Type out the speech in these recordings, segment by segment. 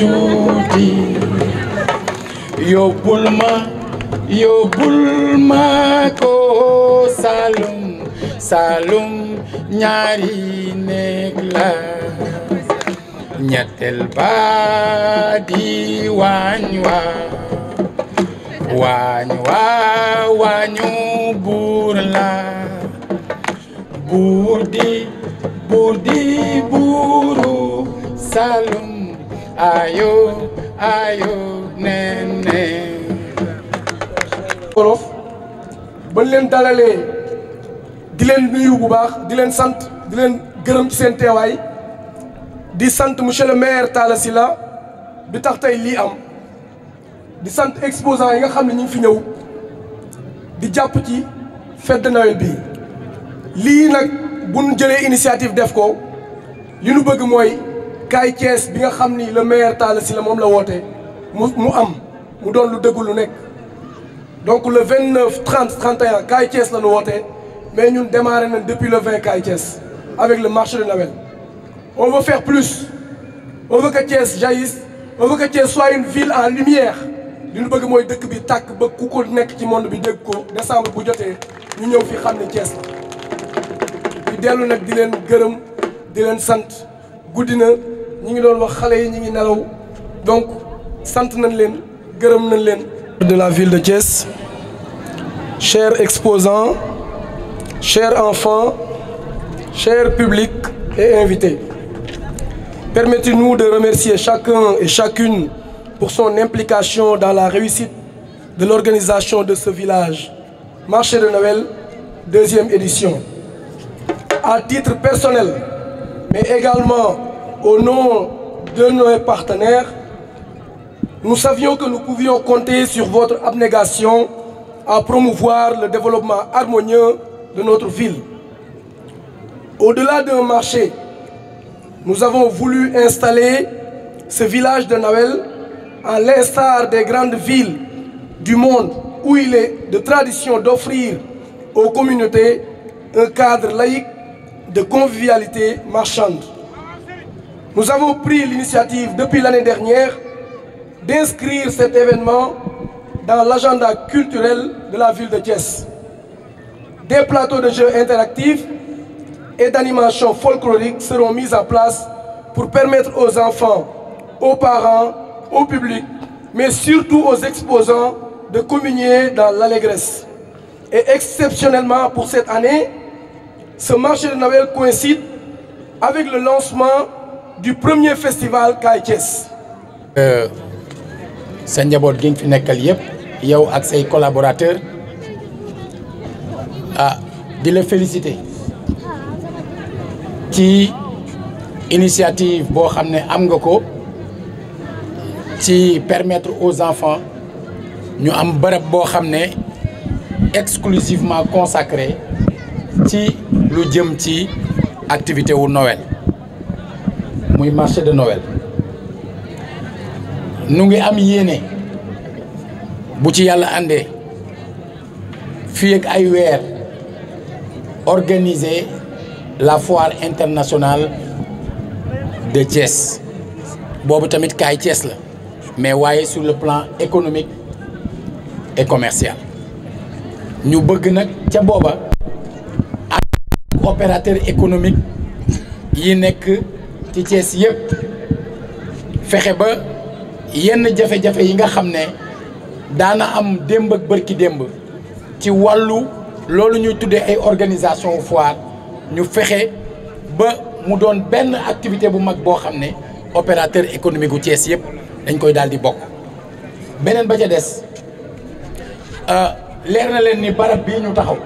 tuuti yóbbul ma yóbbul ma ko Saalum Saalum ñaari néeg la ñetteel di waañ wa waañ wa waañu buur la buur di buur di buuru Saalum ayo ayo nene wolof leen dalalee di leen nuyu bu baax di leen sant di leen gërëm ci seen teewaay di sant monsieur le maire Talla Sylla bi tax tey lii am di sant exposant yi nga xam ne ñu ngi fi ñëw di jàpp ci fête de bii lii nag bu ñu jëlee initiative def ko li ñu bëgg mooy kaay Thiès bi nga xam ni le maire si Sylla moom la woote mu mu am mu doon lu dëgg lu nekk donc le 29 30 31 kaay Thiès la woote mais ñun démarré na depuis le 20 kaay Thiès avec le marché de Noël on veut plus on veut que Thiès jaillisse on veut soit une ville en lumière li ñu bëgg mooy dëkk bi tàkk ba ku ko nekk ci monde bi dégg ko décembre bu jotee ñu ñëw fi xam ni Thiès la di dellu nag di leen gërëm di leen sant guddi na ñi ngi doon wax xale yi ñi ngi nelaw donc sant nañ leen gërëm nañ leen. de la ville de Thiès chers exposants chers enfants chers publics et invité permettez-nous de remercier chacun et chacune pour son implication dans la réussite de l'organisation de ce village marché de Noël deuxième édition à titre personnel mais également au nom de nos partenaires, nous savions que nous pouvions compter sur votre abnégation à promouvoir le développement harmonieux de notre ville. Au-delà d'un marché, nous avons voulu installer ce village de Noël à l'instar des grandes villes du monde où il est de tradition d'offrir aux communautés un cadre laïque de convivialité marchande. Nous avons pris l'initiative depuis l'année dernière d'inscrire cet événement dans l'agenda culturel de la ville de Thiès. Des plateaux de jeux interactifs et d'animations folkloriques seront mis en place pour permettre aux enfants, aux parents, au public, mais surtout aux exposants de communier dans l'allégresse. Et exceptionnellement pour cette année, ce marché de Noël coïncide avec le lancement du premier festival Kaay Thiès. Euh, sa njaboot gi fi nekkal yëpp yow ak say collaborateur ah di la félicité ci initiative boo xam ne am nga ko ci permettre aux enfants ñu am bërëb boo xam ne exclusivement consacré ci lu jëm ci activité wu Noël. muy marché de Noël nu ngi am yéene bu ci yàlla àndee fii ay weer organiser la foire internationale de Thiès boobu tamit kaay Thiès la mais waaye sur le plan économique et commercial ñu bëgg nag ca booba ak opérateur économique yi nekk ci Thiès yëpp fexe ba yenn jafe-jafe yi nga xam ne daana am démb bërki démb ci wàllu loolu ñuy tuddee ay organisation foire ñu fexe ba mu doon benn activité bu mag boo xam ne opérateur économique gu Thiès yëpp dañ koy daal di bokk beneen ba ca des euh, leer na leen ni barab bii ñu taxaw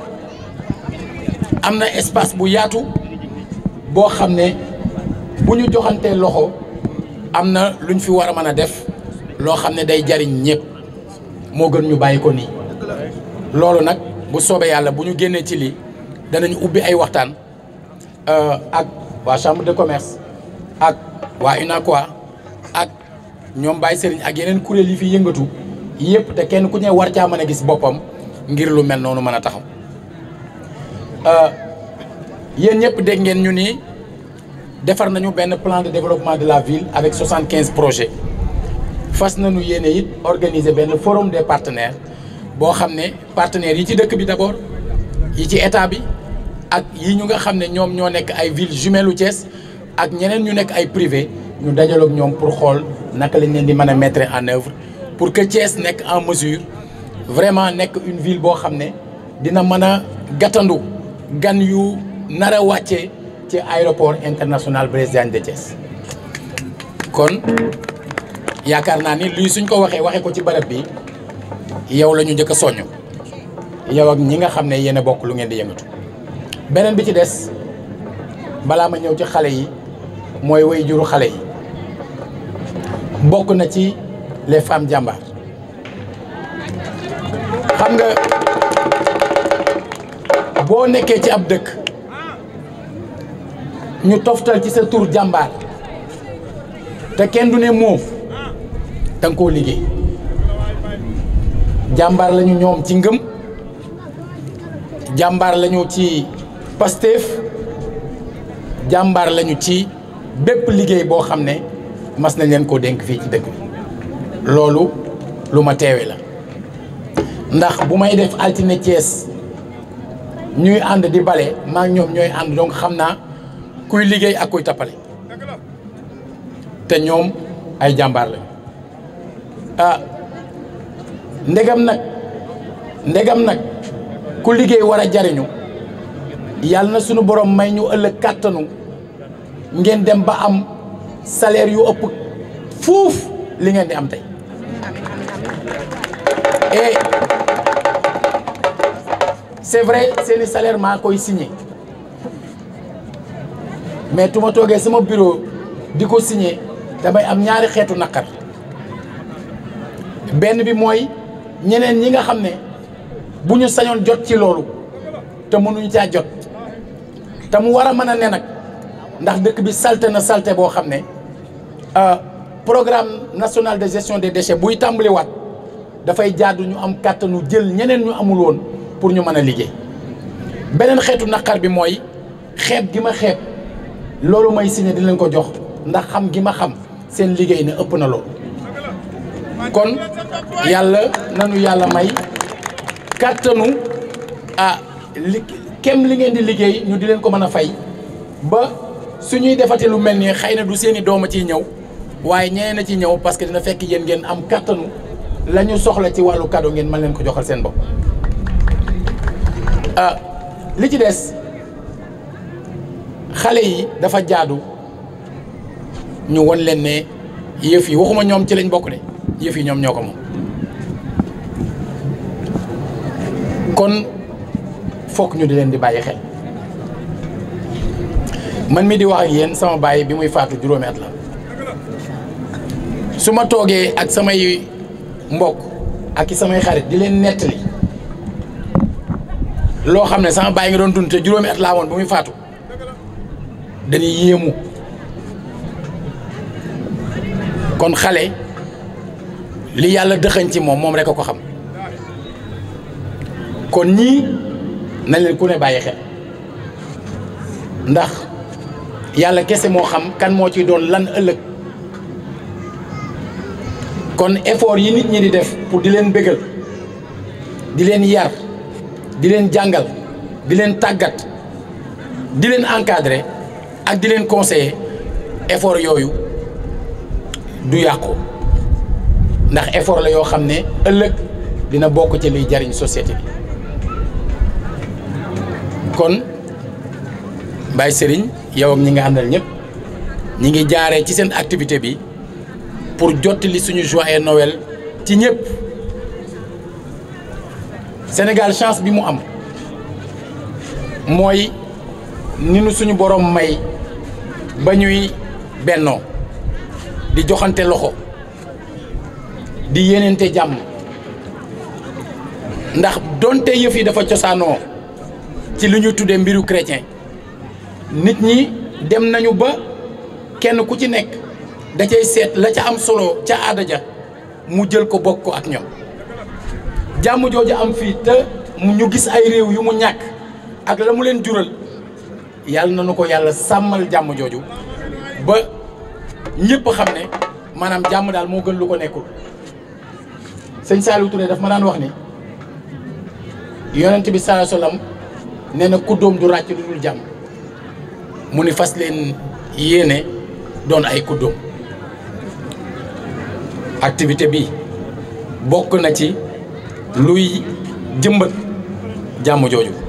am na espace bu yaatu boo xam ne bu ñu joxantee loxo am na lu ñu fi war a mën a def loo xam ne day jariñ ñëpp moo gën ñu bàyyi ko nii loolu nag bu soobee yàlla bu ñu génnee ci lii danañ ubbi ay waxtaan euh, ak waa chambre de commerce ak waa UNACOIS ak ñoom bàyyi Serigne ak yeneen kuréel yi fi yëngatu yëpp te kenn ku ne war caa mën a gis boppam ngir lu mel noonu mën a taxaw euh, yéen ñëpp dégg ngeen ñu nii defar nañu benn plan de développement de la ville avec 75 projets fas nañu yéene it organiser benn forum de partenaires boo xam ne partenaires yi ci dëkk bi d'abord yi ci état bi ak yi ñu nga xam ne ñoom ñoo nekk ay villes jumelles Thiès ak ñeneen ñu nekk ay privé ñu dajaloog ñoom pour xool naka lañ leen di mën a mettre en œuvre pour que Thiès nekk en mesure vraiment nekk une ville boo xam ne dina mën a gàttandu gan yu nar a wàccee ci aéroport international Blaise Diagne de Thiès kon yaakaar naa ni luy suñ ko waxee waxee ko ci barab bi yow la ñu njëkk a soññ yow ak ñi nga xam ne yéen a bokk lu ngeen di yëngatu beneen bi ci des balaa ma ñëw ci xale yi mooy way juru xale yi bokk na ci les femmes jàmbaar xam nga boo nekkee ci ab dëkk ñu toftal ci sa tur jàmbaar te kenn du ne moof da koo liggéey jàmbaar lañu ñoom ci ngëm jàmbaar lañu ci Pastef jàmbaar lañu ci bépp liggéey boo xam ne mas nañ leen koo dénk fii ci dëkk loolu lu ma teewe la ndax bu may def altine Thiès ñuy ànd di bale maa ngi ñoom ñooy ànd donc xam naa kuy liggéey ak kuy tappale te ñoom ay jàmbaar lañu ah, ndegam nag ndegam nag ku liggéey war a jariñu yàlla na sunu borom may ñu ëllëg kàttanu ngeen dem ba am salaire yu ëpp fuuf li ngeen di am tey et c'est vrai seeni salaire maa koy signé mais tu ma toogee sama bureau di ko signé damay am ñaari xeetu naqar benn bi mooy ñeneen ñi nga xam ne bu ñu sañoon jot ci loolu te mënuñu caa jot te mu war a mën a ne nag ndax dëkk bi salte na salte boo xam ne euh, programme national de gestion des déchets buy tàmbaliwaat dafay jaadu ñu am kàttanu jël ñeneen ñu amul woon pour ñu mën a liggéey beneen xeetu naqar bi mooy xeeb gi ma xeeb. loolu may signé di leen ko jox ndax xam gi ma xam seen liggéey ne ëpp na loolu kon yàlla nanu yàlla may kàttanu ah li kem li ngeen di liggéey ñu di leen ko mën a fay ba suñuy defati lu mel nii xëy na du seeni doom a ciy ñëw waaye ñeneen na ciy ñëw parce que dina fekk yéen ngeen am kàttanu la soxla ci wàllu cadeau ngeen mën leen ko joxal seen bopp li ci des xale yi dafa jaadu ñu won leen ne yëf yi waxuma ñoom ci lañ bokk de yëf yi ñoom ñoo ko moom kon fokk ñu di leen di bàyyi xel man mi di wax ak yéen sama bàyyi bi muy faatu juróomi at la su ma toogee ak samay mbokk ak i samay xarit di leen nettali loo xam ne sama bàyyi nga doon dund te juróomi at laa woon bi muy faatu dañuy yéemu kon xale li yàlla dëxañ ci moom moom rekk a ko xam kon ñii na leen ku ne bàyyi xel ndax yàlla kese moo xam kan moo ci doon lan ëllëg kon effort yi nit ñi di def pour di leen bégal di leen yar di leen jàngal di leen tàggat di leen encadrer ak di leen conseiller effort yooyu du yàqu ndax effort la yoo xam ne ëllëg dina bokk ci liy jariñ société bi kon Baye sëriñ yow ñi nga àndal ñëpp ñi ngi jaaree ci seen activité bi pour jottali suñu joyeux Noël ci ñëpp Sénégal chance bi mu am mooy ni suñu boroom may ba ñuy bennoo di joxante loxo di yéenente jàmm ndax donte yëf yi dafa cosaanoo ci li ñu tuddee mbiru chrétien nit ñi dem nañu ba kenn ku ci nekk da cay seet la ca am solo ca aada ja mu jël ko bokk ak ñoom jàmm jooju am fii te ñu gis ay réew yu mu ñàkk ak la mu leen jural yàlla na nu ko yàlla sàmmal jàmm jooju ba ñëpp xam ne maanaam jàmm daal moo gën lu ko nekkul sëñ Saliou Touré daf ma daan wax ni yonent bi saa salaam nee na ku doom du ràcc lu dul jàmm mu ni fas leen yéene doon ay kuddoom activité bi bokk na ci luy jëmbat jàmm jooju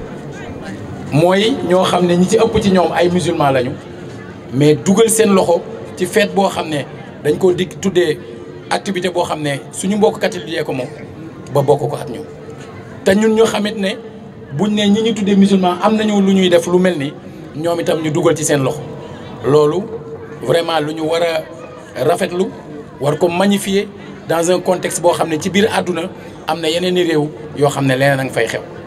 mooy ñoo xam ne ñi ci ëpp ci ñoom ay musulman lañu mais dugal seen loxo ci fête boo xam ne dañ koo dig tuddee activité boo xam ne suñu mbokk catholique yee ko moom ba bokk ko ak ñoom te ñun ñu xamit ne buñ ne ñi ñu tuddee musulman am nañu lu ñuy def lu mel ni ñoom itam ñu dugal ci seen loxo loolu vraiment lu ñu war a rafetlu war ko magnifier dans un contexte boo xam ne ci biir àdduna am na yeneen réew yoo xam ne leneen a nga fay xew